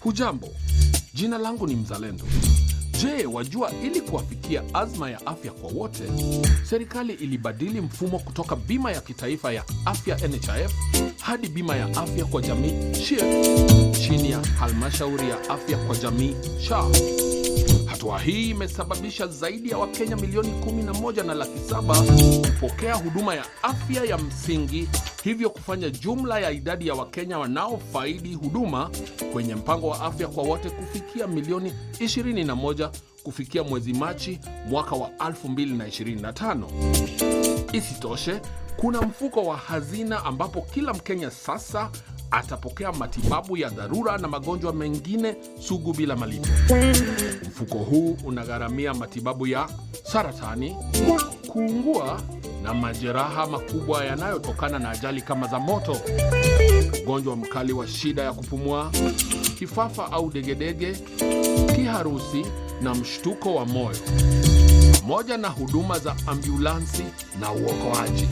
Hujambo, jina langu ni Mzalendo. Je, wajua ili kuwafikia azma ya afya kwa wote, serikali ilibadili mfumo kutoka bima ya kitaifa ya afya NHIF hadi bima ya afya kwa jamii SHIF chini ya halmashauri ya afya kwa jamii SHA. Hatua hii imesababisha zaidi ya Wakenya milioni 11 na laki saba kupokea huduma ya afya ya msingi hivyo kufanya jumla ya idadi ya Wakenya wanaofaidi huduma kwenye mpango wa afya kwa wote kufikia milioni 21 kufikia mwezi Machi mwaka wa 2025. Isitoshe, kuna mfuko wa hazina ambapo kila Mkenya sasa atapokea matibabu ya dharura na magonjwa mengine sugu bila malipo. Mfuko huu unagharamia matibabu ya saratani, kuungua na majeraha makubwa yanayotokana na ajali kama za moto, ugonjwa mkali wa shida ya kupumua, kifafa au degedege, kiharusi na mshtuko wa moyo, pamoja na huduma za ambulansi na uokoaji.